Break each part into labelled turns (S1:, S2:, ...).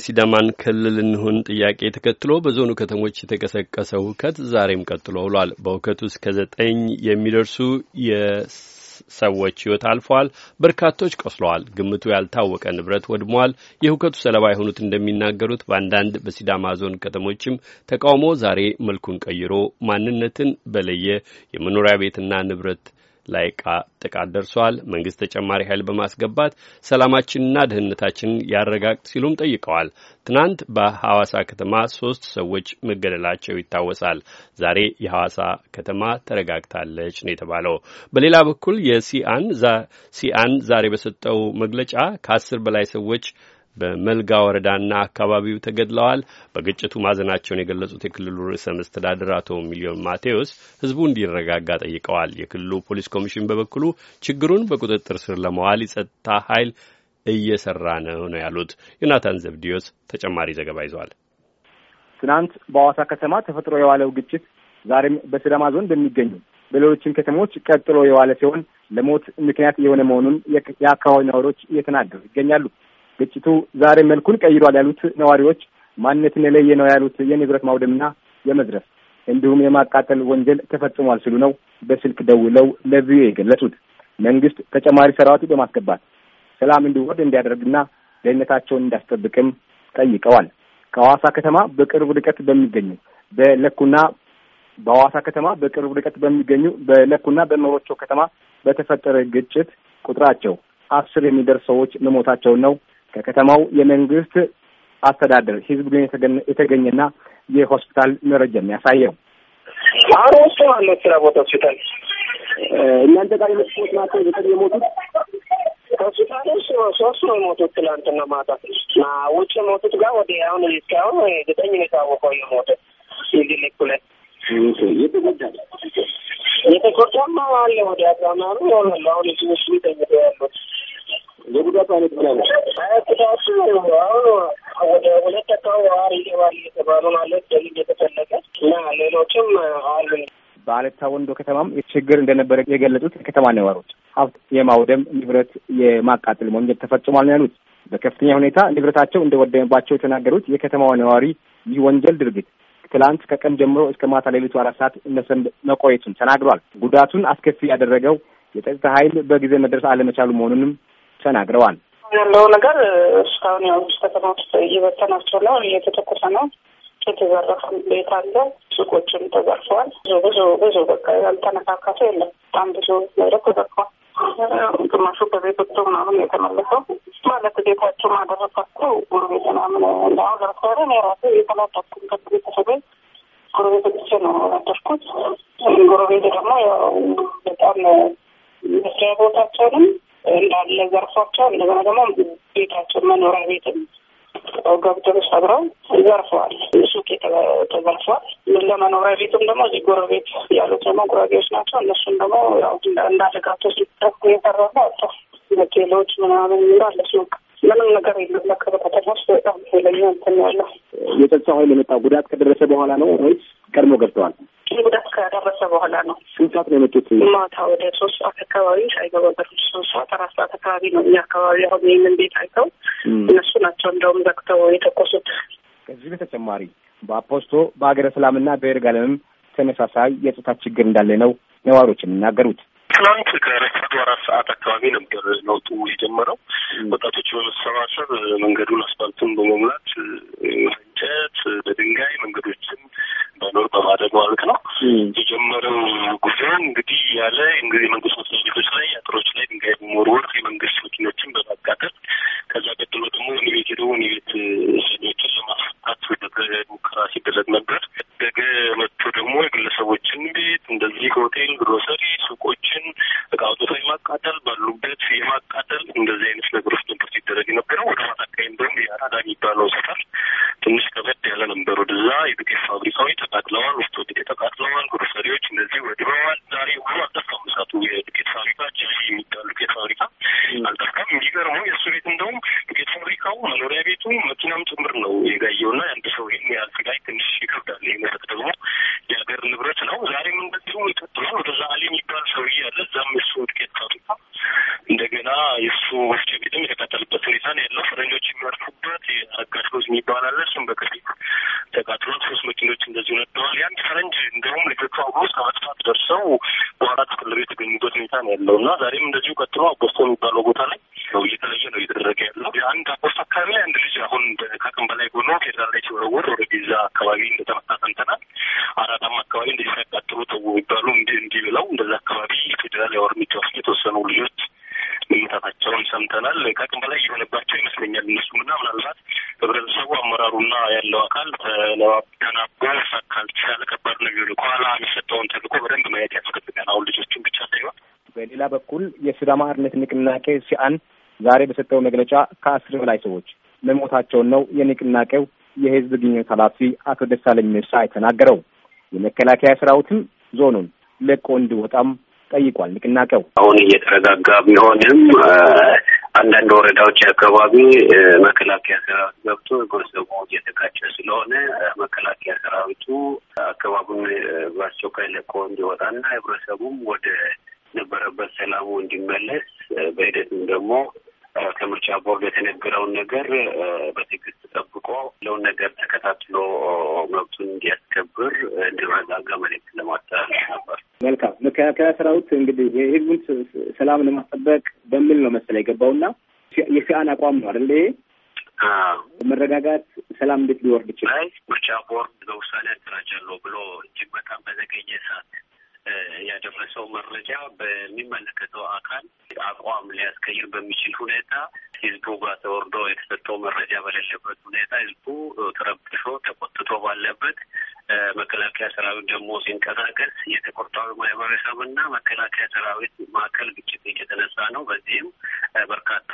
S1: የሲዳማን ክልል እንሁን ጥያቄ ተከትሎ በዞኑ ከተሞች የተቀሰቀሰ ሁከት ዛሬም ቀጥሎ ውሏል። በሁከቱ እስከ ዘጠኝ የሚደርሱ የሰዎች ህይወት አልፈዋል። በርካቶች ቆስለዋል። ግምቱ ያልታወቀ ንብረት ወድመዋል። የሁከቱ ሰለባ የሆኑት እንደሚናገሩት በአንዳንድ በሲዳማ ዞን ከተሞችም ተቃውሞ ዛሬ መልኩን ቀይሮ ማንነትን በለየ የመኖሪያ ቤትና ንብረት ላይ ጥቃት ደርሷል፣ መንግስት ተጨማሪ ኃይል በማስገባት ሰላማችንና ደህንነታችንን ያረጋግጥ ሲሉም ጠይቀዋል። ትናንት በሐዋሳ ከተማ ሶስት ሰዎች መገደላቸው ይታወሳል። ዛሬ የሐዋሳ ከተማ ተረጋግታለች ነው የተባለው። በሌላ በኩል የሲአን ሲአን ዛሬ በሰጠው መግለጫ ከአስር በላይ ሰዎች በመልጋ ወረዳና አካባቢው ተገድለዋል። በግጭቱ ማዘናቸውን የገለጹት የክልሉ ርዕሰ መስተዳድር አቶ ሚሊዮን ማቴዎስ ህዝቡ እንዲረጋጋ ጠይቀዋል። የክልሉ ፖሊስ ኮሚሽን በበኩሉ ችግሩን በቁጥጥር ስር ለመዋል የጸጥታ ኃይል እየሰራ ነው ነው ያሉት። ዮናታን ዘብዲዮስ ተጨማሪ ዘገባ ይዟል።
S2: ትናንት በአዋሳ ከተማ ተፈጥሮ የዋለው ግጭት ዛሬም በስዳማ ዞን በሚገኙ በሌሎችም ከተሞች ቀጥሎ የዋለ ሲሆን ለሞት ምክንያት የሆነ መሆኑን የአካባቢ ነዋሪዎች እየተናገሩ ይገኛሉ። ግጭቱ ዛሬ መልኩን ቀይሯል ያሉት ነዋሪዎች ማንነትን የለየ ነው ያሉት የንብረት ማውደምና የመዝረፍ እንዲሁም የማቃጠል ወንጀል ተፈጽሟል ሲሉ ነው በስልክ ደውለው ለቪኦኤ የገለጹት። መንግስት ተጨማሪ ሰራዊት በማስገባት ሰላም እንዲወርድ እንዲያደርግና ደህንነታቸውን እንዲያስጠብቅም ጠይቀዋል። ከሐዋሳ ከተማ በቅርብ ርቀት በሚገኙ በለኩና በሐዋሳ ከተማ በቅርብ ርቀት በሚገኙ በለኩና በመሮቾ ከተማ በተፈጠረ ግጭት ቁጥራቸው አስር የሚደርስ ሰዎች መሞታቸውን ነው ከከተማው የመንግስት አስተዳደር ህዝብ ግን የተገኘና የሆስፒታል መረጃ የሚያሳየው
S3: አሮ አለ ስራ ቦታ ሆስፒታል እናንተ ጋር የመጡት ናቸው። ዘጠኝ የሞቱት ሆስፒታል ውስጥ ሶስት ነው የሞቱት ትላንትና ማታ እና ውጭ የሞቱት ጋር ወደ አሁን እስካሁን ዘጠኝ ነው የታወቀው የሞተ ሲግልኩ ላይ የተጎዳ የተጎዳማ አለ ወደ አዛማሩ ሆነ አሁን ትንሽ ተኝቶ ያሉት የጉዳቱ አይነት ምን አይነት አሁን ወደ ሁለት አካባቢ ዋሪ ገባል ማለት ደሊል የተፈለገ እና ሌሎችም አሉ።
S2: በአለታ ወንዶ ከተማም ችግር እንደነበረ የገለጹት የከተማ ነዋሪዎች ሀብት የማውደም ንብረት የማቃጠል ወንጀል ተፈጽሟል ነው ያሉት። በከፍተኛ ሁኔታ ንብረታቸው እንደወደመባቸው የተናገሩት የከተማዋ ነዋሪ ይህ ወንጀል ድርጊት ትላንት ከቀን ጀምሮ እስከ ማታ ሌሊቱ አራት ሰዓት እነሰን መቆየቱን ተናግሯል። ጉዳቱን አስከፊ ያደረገው የጸጥታ ኃይል በጊዜ መድረስ አለመቻሉ መሆኑንም ተናግረዋል።
S3: ያለው ነገር እስካሁን ያው ከተማ ውስጥ እየበተናቸው ነው፣ እየተተኮሰ ነው። የተዘረፈም ቤት አለ፣ ሱቆችም ተዘርፈዋል። ብዙ ብዙ ብዙ በቃ ያልተነካካተ የለም። በጣም ብዙ መድረክ ተዘርፈዋል። ግማሹ በቤት ወጥቶ ምናምን የተመለሰው ማለት ቤታቸው ማደረፋቸው ጉርቤት ምናምን እንዳሁ ለምሳሌ እኔ ራሴ የተላጠኩም ከቤተሰቤ ጉርቤቶች ነው ያደርኩት። ጉርቤት ደግሞ ያው በጣም መስሪያ ቦታቸውንም እንዳለ ዘርፏቸው፣ እንደገና ደግሞ ቤታቸው መኖሪያ ቤትም ገብተው ሰብረው ዘርፈዋል። ሱቅ ተዘርፏል። ለመኖሪያ ቤትም ደግሞ እዚህ ጎረቤት ያሉት ደግሞ ጉራጌዎች ናቸው። እነሱም ደግሞ ያው ሲጠፉ የተረፈ አቶ ሆቴሎች ምናምን እንዳለ ሱቅ ምንም ነገር የለም። ለከበታተል ውስጥ በጣም ሌለኛ እንትን ያለው
S4: የጸጥታ ኃይል የመጣ ጉዳት ከደረሰ በኋላ ነው ወይስ ቀድሞ ገብተዋል?
S3: ጉዳት ከደረሰ በኋላ ነው።
S4: ስንት ሰዓት ነው የመጡት? ማታ
S3: ወደ ሶስት ሰዓት አካባቢ ሳይገባ ሰው ሰዓት አራት ሰዓት አካባቢ ነው እኛ አካባቢ አሁን ይህንን ቤት አይተው እነሱ ናቸው እንደውም ዘግተው የተኮሱት።
S2: ከዚህ በተጨማሪ በአፖስቶ በሀገረ ሰላምና በይርጋለምም ተመሳሳይ የጸጥታ ችግር እንዳለ ነው ነዋሪዎች የሚናገሩት።
S5: ትላንት ከረፋዱ አራት ሰዓት አካባቢ ነበር ለውጡ የጀመረው። ወጣቶች በመሰባሰብ መንገዱን አስፋልቱን በመሙላት እንጨት፣ በድንጋይ መንገዶችን በኖር በማደግ ማለት ነው የጀመረው ጉዞ እንግዲህ ያለ እንግዲህ የመንግስት መስሪያ ቤቶች ላይ አጥሮች ላይ ድንጋይ በመወርወር የመንግስት መኪኖችን በማቃጠል ከዛ ቀጥሎ ደግሞ ወኒ ቤት ሄደው ወኒ ቤት ጃጅ የሚባሉት ጌት ፋብሪካ አልጠፋም። የሚገርመው የእሱ ቤት እንደውም ጌት ፋብሪካው መኖሪያ ቤቱ መኪናም ጭምር ነው የጋየውና የአንድ ሰው ይህን ያህል ስቃይ ትንሽ ይከብዳል። ይህ መጠቅ ደግሞ አውቶቡስ መኪኖች እንደዚህ ነደዋል። ያን ፈረንጅ እንዲሁም ልጆቹ አብሮ እስከ ማጥፋት ደርሰው በኋላ ተፈለገ የተገኙበት ሁኔታ ነው ያለው እና ዛሬም እንደዚሁ ቀጥሎ አቦስቶ የሚባለው ቦታ ላይ ነው እየተለየ ነው እየተደረገ ያለው። የአንድ አቦስቶ አካባቢ ላይ አንድ ልጅ አሁን ከአቅም በላይ ሆኖ ፌዴራል ላይ ሲወረወር ወደ ቤዛ አካባቢ እንደተመታ ሰምተናል። አራዳም አካባቢ እንደዚህ ሲያቃጥሉ ተው የሚባሉ እንዲህ እንዲህ ብለው እንደዚህ አካባቢ ፌዴራል ያው ውስጥ የተወሰኑ ልጆች መምጣታቸውን ሰምተናል። ከአቅም በላይ የሆነባቸው ይመስለኛል። እነሱምና ምናልባት ህብረተሰቡ አመራሩና ያለው አካል ተናቦ ካልቻለ ከባድ ነው የሚሆነው። ከኋላ የሚሰጠውን ተልዕኮ በደንብ ማየት ያስፈልጋል። አሁን ልጆቹን ብቻ ሳይሆን
S2: በሌላ በኩል የሲዳማ አርነት ንቅናቄ ሲአን ዛሬ በሰጠው መግለጫ ከአስር በላይ ሰዎች መሞታቸውን ነው የንቅናቄው የህዝብ ግንኙነት ኃላፊ አቶ ደሳለኝ ምርሳ የተናገረው። የመከላከያ ሰራዊትም ዞኑን ለቆ እንዲወጣም ጠይቋል። ንቅናቄው አሁን
S5: እየተረጋጋ ቢሆንም አንዳንድ ወረዳዎች አካባቢ መከላከያ ሰራዊት ገብቶ ጎሰቦ እየተጋጨ ስለሆነ መከላከያ ሰራዊቱ አካባቢውን በአስቸኳይ ለቆ እንዲወጣና ህብረተሰቡም ወደ ነበረበት ሰላሙ እንዲመለስ በሂደትም ደግሞ ከምርጫ ቦርድ የተነገረውን ነገር በትዕግስት ጠብቆ ለውን ነገር ተከታትሎ መብቱን እንዲያስከብር እንዲረጋጋ መልዕክት ለማስተላለፍ ነበር።
S2: መልካም መከላከያ ሰራዊት እንግዲህ የህዝቡን ሰላም ለማስጠበቅ በሚል ነው መሰለኝ የገባውና የሲአን አቋም ነው አይደል? ይሄ መረጋጋት ሰላም እንዴት ሊወርድ ይችላል?
S5: ምርጫ ቦርድ በውሳኔ አደራጃለሁ ብሎ እጅግ በጣም በዘገየ ሰዓት ያደረሰው መረጃ በሚመለከተው አካል አቋም ሊያስቀይር በሚችል ሁኔታ ህዝቡ ጋር ተወርዶ የተሰጠው መረጃ በሌለበት ሁኔታ ህዝቡ ተረብሾ ተቆጥቶ ባለበት መከላከያ ሰራዊት ደግሞ ሲንቀሳቀስ የተቆርጣዊ ማህበረሰብ ማህበረሰብና መከላከያ ሰራዊት መካከል ግጭት እየተነሳ ነው። በዚህም በርካታ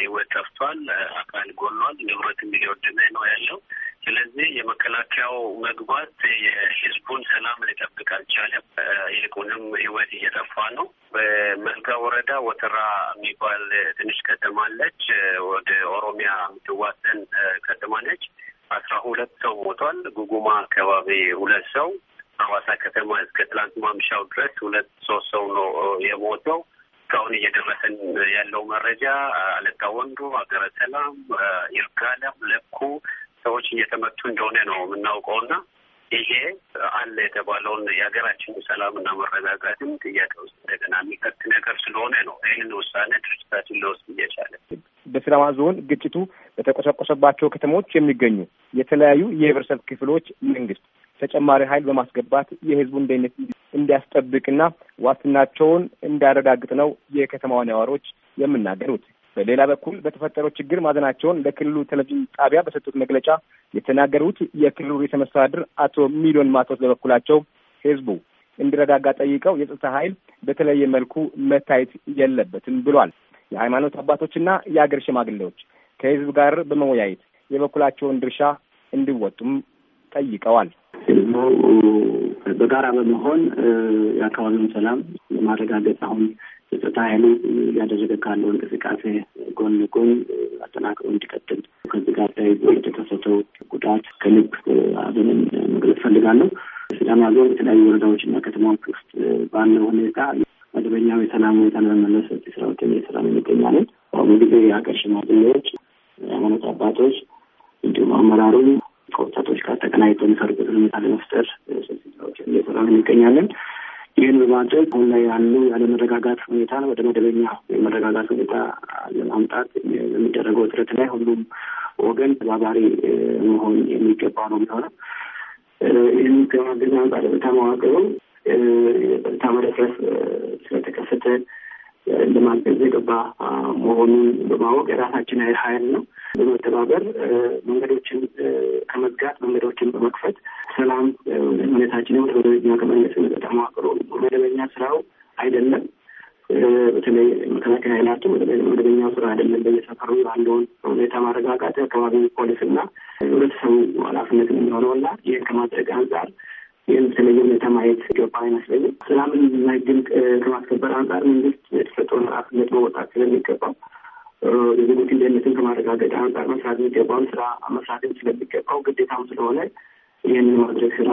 S5: ህይወት ጠፍቷል፣ አካል ጎሏል፣ ንብረት እየወደመ ነው ያለው። ስለዚህ የመከላከያው መግባት የህዝቡን ሰላም ሊጠብቅ አልቻለም። ይልቁንም ህይወት እየጠፋ ነው። በመልጋ ወረዳ ወተራ የሚባል ትንሽ ከተማ አለች። ወደ ኦሮሚያ የምትዋሰን ከተማ ነች። አስራ ሁለት ሰው ሞቷል። ጉጉማ አካባቢ ሁለት ሰው፣ ሐዋሳ ከተማ እስከ ትላንት ማምሻው ድረስ ሁለት ሶስት ሰው ነው የሞተው። እስካሁን እየደረሰን ያለው መረጃ አለታ ወንዶ፣ ሀገረ ሰላም፣ ይርጋለም፣ ለኩ ሰዎች እየተመቱ እንደሆነ ነው የምናውቀውና ይሄ አለ የተባለውን የሀገራችን ሰላምና መረጋጋትን ጥያቄ ውስጥ እንደገና የሚከት ነገር ስለሆነ ነው ይህንን ውሳኔ ድርጅታችን ለውስጥ እየቻለ
S2: በሲዳማ ዞን ግጭቱ በተቆሰቆሰባቸው ከተሞች የሚገኙ የተለያዩ የህብረተሰብ ክፍሎች መንግስት ተጨማሪ ኃይል በማስገባት የህዝቡን ደህንነት እንዲያስጠብቅና ዋስትናቸውን እንዲያረጋግጥ ነው የከተማዋ ነዋሪዎች የምናገሩት። በሌላ በኩል በተፈጠረው ችግር ማዘናቸውን ለክልሉ ቴሌቪዥን ጣቢያ በሰጡት መግለጫ የተናገሩት የክልሉ ርዕሰ መስተዳድር አቶ ሚሊዮን ማቶስ በበኩላቸው ህዝቡ እንዲረጋጋ ጠይቀው የጸጥታ ኃይል በተለየ መልኩ መታየት የለበትም ብሏል። የሃይማኖት አባቶችና የአገር ሽማግሌዎች ከህዝብ ጋር በመወያየት የበኩላቸውን
S4: ድርሻ እንዲወጡም ጠይቀዋል። ህዝቡ በጋራ በመሆን የአካባቢውን ሰላም ለማረጋገጥ አሁን የጸጥታ ኃይሉ እያደረገ ካለው እንቅስቃሴ ጎን ጎን አጠናክሮ እንዲቀጥል ከዚህ ጋር ተያይዞ የተከሰተው ጉዳት ከልብ አዘንን መግለጽ ፈልጋለሁ። ስለማዞር ዞን የተለያዩ ወረዳዎችና ከተማዎች ውስጥ ባለው ሁኔታ መደበኛው የተናሙ የተናመለሰ ስራዎች ስራዎችን እየሰራ ይገኛለን። በአሁኑ ጊዜ የሀገር ሽማግሌዎች፣ የሃይማኖት አባቶች እንዲሁም አመራሩም ከወጣቶች ጋር ተቀናይቶ የሚሰሩበት ሁኔታ ለመፍጠር ስራዎች እየሰራ ነው ይገኛለን። ይህን በማድረግ አሁን ላይ ያሉ ያለመረጋጋት ሁኔታ ወደ መደበኛ የመረጋጋት ሁኔታ ለማምጣት የሚደረገው ጥረት ላይ ሁሉም ወገን ተባባሪ መሆን የሚገባ ነው የሚሆነው የሚገማገና ባለመታ መዋቅሩ የጸጥታ መደፍረስ ስለተከሰተ ለማገዝ የገባ መሆኑን በማወቅ የራሳችን ይ ሀይል ነው በመተባበር መንገዶችን ከመዝጋት መንገዶችን በመክፈት ሰላም ሁኔታችንን ወደ መደበኛ ከመለስ መጠጣ መዋቅሩ መደበኛ ስራው አይደለም በተለይ መከላከያ ኃይላቱ መደበኛ ስራ አይደለም። በየሰፈሩ ያለውን ሁኔታ ማረጋጋት አካባቢ ፖሊስ ፖሊስና ህብረተሰቡ ኃላፊነት የሚሆነውና ይህን ከማድረግ አንጻር ይህን በተለየ ሁኔታ ማየት ገባ አይመስለኝም። ሰላምን እና ህግን ከማስከበር አንጻር መንግስት የተሰጠውን ኃላፊነት መወጣት ስለሚገባው የዜጎች ደህንነትን ከማረጋገጥ አንጻር መስራት የሚገባውን ስራ መስራትም ስለሚገባው ግዴታም ስለሆነ ይህንን ማድረግ ስራ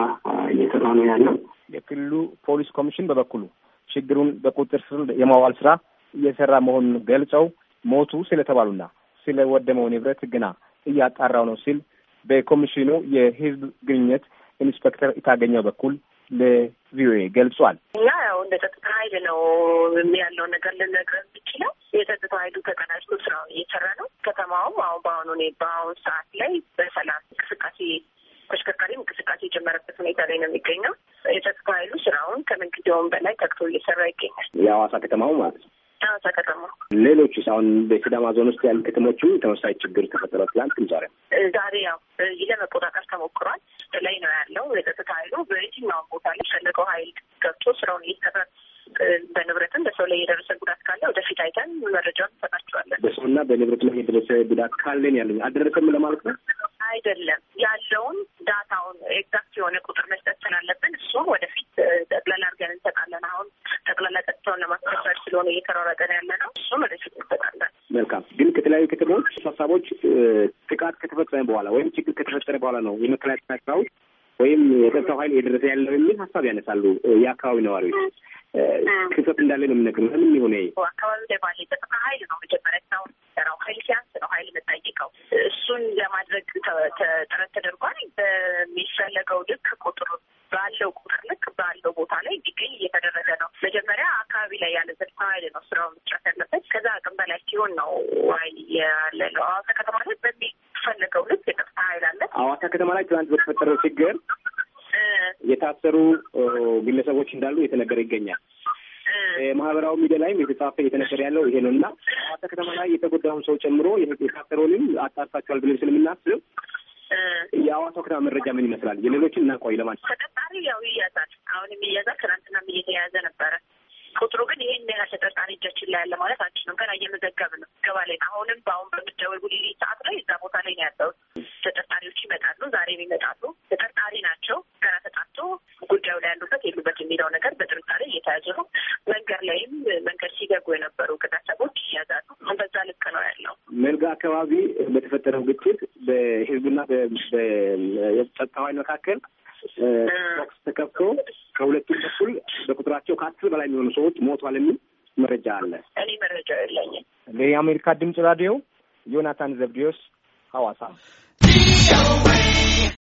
S4: እየሰራ ነው ያለው የክልሉ
S2: ፖሊስ ኮሚሽን በበኩሉ ችግሩን በቁጥጥር ስር የማዋል ስራ እየሰራ መሆኑን ገልጸው ሞቱ ስለተባሉና ስለወደመው ንብረት ግና እያጣራው ነው ሲል በኮሚሽኑ የህዝብ ግንኙነት ኢንስፔክተር የታገኘው በኩል ለቪኦኤ ገልጿል።
S3: እና ያው እንደ ጸጥታ ኃይል ነው ያለው ነገር ልነግረን የምችለው የጸጥታ ኃይሉ ተቀናጅቶ ስራውን እየሰራ ነው። ከተማውም አሁን በአሁኑ በአሁኑ ሰዓት ላይ በሰላም እንቅስቃሴ ተሽከርካሪም እንቅስቃሴ የጀመረበት ሁኔታ ላይ ነው የሚገኘው። ጊዜውን በላይ ተግቶ እየሰራ ይገኛል።
S4: የሐዋሳ ከተማው ማለት ነው።
S3: የሐዋሳ ከተማ
S2: ሌሎች አሁን በሲዳማ ዞን ውስጥ ያሉ ከተሞቹ ተመሳሳይ ችግር ተፈጠረ። ትላንትም ዛሬ
S3: ዛሬ ያው ይህ ለመቆጣጠር ተሞክሯል ላይ ነው ያለው የጸጥታ ኃይሉ በየትኛውም ቦታ ላይ ፈለገው ኃይል ገብቶ ስራውን እየሰራ በንብረትም በሰው ላይ የደረሰ ጉዳት ካለ ወደፊት አይተን መረጃውን እንሰጣቸዋለን።
S2: በሰውና በንብረት ላይ የደረሰ ጉዳት ካለን ያለ አልደረሰም ለማለት ነው
S3: አይደለም ያለውን ዳታውን ኤግዛክት የሆነ ቁጥር መስጠት ስላለ
S2: ሰዎች ሀሳቦች ጥቃት ከተፈጸመ በኋላ ወይም ችግር ከተፈጠረ በኋላ ነው የመከላከያ ስራዎች ወይም የጸጥታው ኃይል የደረሰ ያለው የሚል ሀሳብ ያነሳሉ የአካባቢ ነዋሪዎች። ክፍተት እንዳለ ነው የምነግር ምን የሆነ
S3: አካባቢ ላይ ባለ የጸጥታ ኃይል ነው መጀመሪያ ሳሁን ራው ኃይል ሲያንስ ነው ኃይል የምጠይቀው እሱን ለማድረግ ጥረት ተደርጓል። በሚፈለገው ልክ ቁጥሩ ባለው ቁጥር ልክ ባለው ቦታ ላይ እንዲገኝ እየተደረገ ነው። መጀመሪያ አካባቢ ላይ ያለ ጸጥታ ኃይል ነው ስራው ጨፈ ከአቅም በላይ ሲሆን ነው ያለ ነው። አዋሳ ከተማ ላይ በሚፈለገው ልክ የጸጥታ ኃይል አለ።
S2: አዋሳ ከተማ ላይ ትናንት በተፈጠረው ችግር የታሰሩ ግለሰቦች እንዳሉ የተነገረ ይገኛል። ማህበራዊ ሚዲያ ላይም የተጻፈ እየተነገረ ያለው ይሄ ነው እና ሐዋሳ ከተማ ላይ የተጎዳውን ሰው ጨምሮ የታሰረውንም አጣርታችኋል ብለን ስለምናስብ የሐዋሳው ከተማ መረጃ ምን ይመስላል? የሌሎችን እናቋይ ለማለት
S3: ተቀጣሪ ያው ይያዛል። አሁንም ይያዛል። ትናንትናም እየተያያዘ ነበረ። ቁጥሩ ግን ይህን ያህል ተጠርጣሪ እጃችን ላይ ያለ ማለት አንችልም። ገና እየመዘገብ ነው ገባ ላይ አሁንም በአሁን በምደወልጉልኝ ሰዓት ላይ እዛ ቦታ ላይ ያለው። ተጠርጣሪዎች ይመጣሉ፣ ዛሬም ይመጣሉ። ተጠርጣሪ ናቸው። ገና ተጣርቶ ጉዳዩ ላይ ያሉበት የሉበት የሚለው ነገር በጥርጣሬ እየተያዘ ነው። መንገድ ላይም መንገድ ሲገጉ የነበሩ ግለሰቦች ይያዛሉ። በዛ ልክ ነው ያለው።
S2: መልጋ አካባቢ በተፈጠረው ግጭት በህዝብና በጸጥታ ኃይል መካከል ተኩስ ተከፍቶ ከሁለቱም በኩል በቁጥራቸው ከአስር በላይ የሚሆኑ ሰዎች ሞቷል የሚል መረጃ አለ።
S5: እኔ መረጃ የለኝም።
S2: የአሜሪካ ድምጽ ራዲዮ ዮናታን ዘብዲዮስ ሐዋሳ